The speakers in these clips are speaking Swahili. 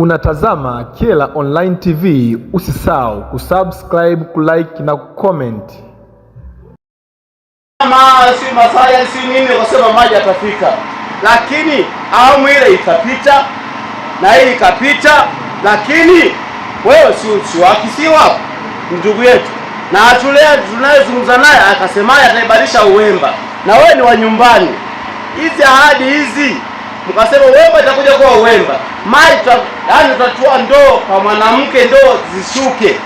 Unatazama Kyela Online TV, usisahau kusubscribe, kulike na kucomment. Si masaya si nini, wasema maji atafika, lakini awamu ile ikapita na hii ikapita, lakini wewe si waki si ndugu yetu, na tunayezungumza naye akasemaye ataibadilisha Uwemba, na wewe ni wa nyumbani. Hizi ahadi hizi tukasema uomba itakuja kuwa uemba mali yani tutatua ndoo kwa mwanamke, ndoo zishuke.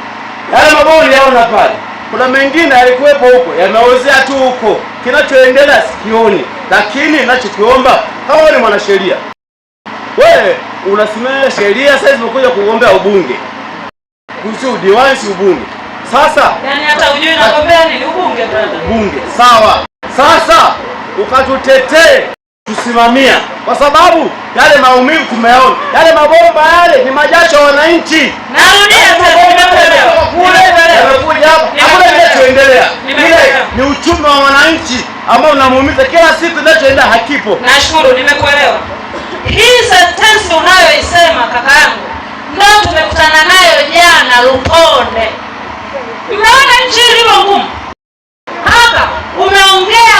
Yale mabao niliona pale, kuna mengine yalikuwepo huko, yameozea tu huko, kinachoendelea sikioni. Lakini nachokiomba kama ni mwanasheria wewe, unasimamia sheria, sasa zimekuja kugombea ubunge, kuhusu udiwani, si ubunge. Sasa yani hata ujui nagombea nini ubunge, brother, ubunge sawa. Sasa ukatutetee kusimamia kwa sababu yale maumivu tumeona, yale mabomba yale ni majasho ya wananchi. Tuendelea ile ni uchumi wa wananchi ambao unamuumiza kila siku, inachoenda hakipo. Nashukuru, nimekuelewa. Hii sentensi unayoisema kaka yangu ndio tumekutana nayo jana Lukonde. Mmeona nchi ilivyo ngumu hapa, umeongea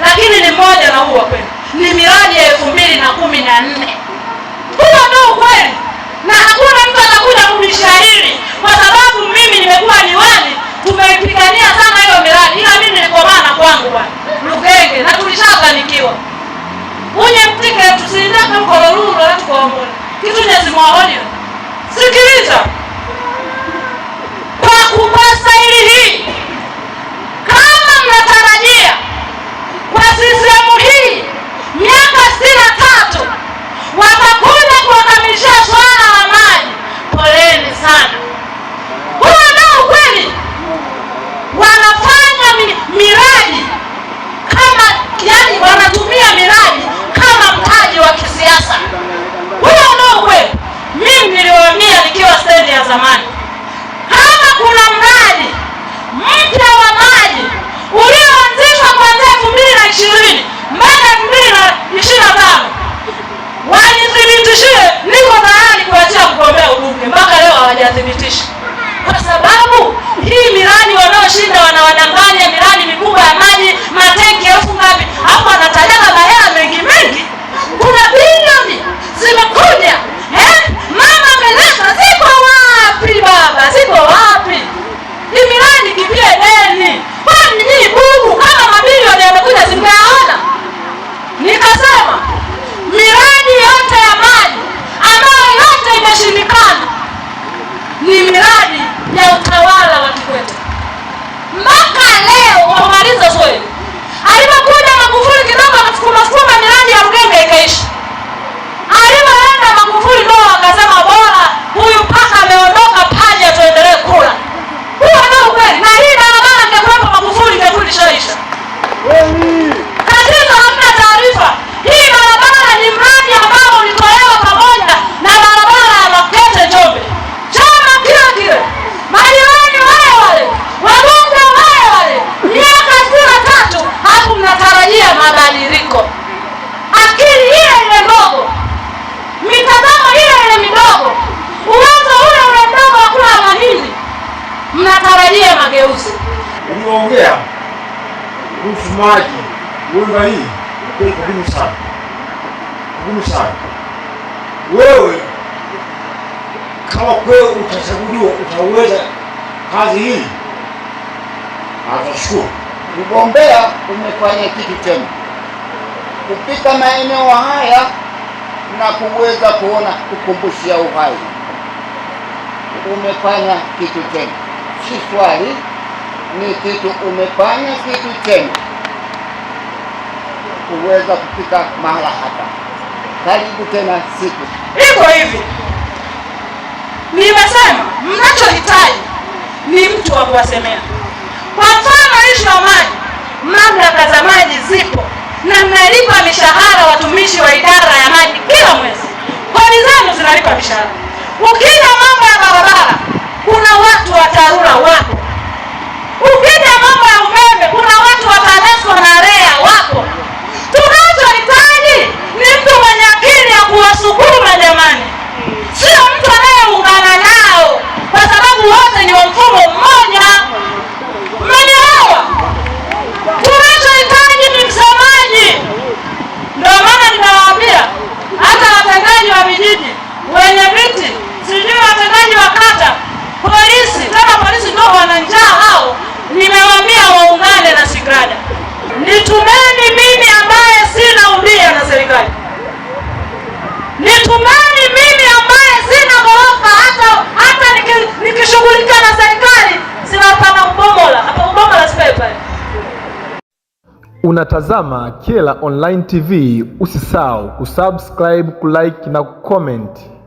lakini ni moja na huwa kwenu ni miradi ya elfu mbili na kumi na nne. Huo ndio ukweli, na hakuna mtu atakuja kunishairi kwa sababu mimi nimekuwa diwani, tumeipigania sana nithibitishie niko tayari kuachia kugombea ubunge. Mpaka leo hawajathibitisha, kwa sababu hii miradi wanaoshinda wanawadanganya miradi mikubwa tunaongea kuhusu maji Wemba hii ni kugumu sana, kugumu sana. Wewe kama kweli utachaguliwa, utaweza kazi hii, atashukuru. Ugombea umefanya kitu chema kupita maeneo haya na kuweza kuona kukumbushia uhai, umefanya kitu chema, si swali ni kitu umefanya kitu chema kuweza kufika mahala hapa. Karibu tena siku hivyo hivi. Nimesema mnachohitaji ni mtu wa kuwasemea. Kwa mfano ishu ya maji, mamlaka za maji zipo na mnalipa mishahara watumishi wa idara ya maji kila mwezi, kodi zenu zinalipa mishahara. Ukija mambo ya barabara, kuna watu wa TARURA wako nitumeni mimi ambaye sina ubia na serikali, nitumeni mimi ambaye sina ghorofa. Hata hata nikishughulika niki na serikali sina pana ubomola hapa ubomola sipae pale. Unatazama Kyela Online TV, usisahau kusubscribe, kulike na kucomment.